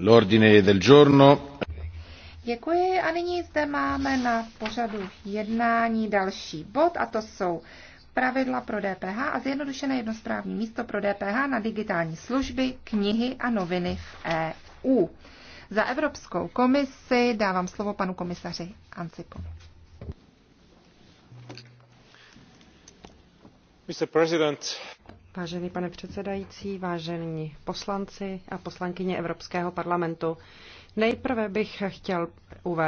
L'ordine del giorno. Děkuji a nyní zde máme na pořadu jednání další bod a to jsou pravidla pro DPH a zjednodušené jednosprávní místo pro DPH na digitální služby, knihy a noviny v EU. Za Evropskou komisi dávám slovo panu komisaři Ancipu. Mr. President. Vážený pane předsedající, vážení poslanci a poslankyně Evropského parlamentu, nejprve bych chtěl uvést,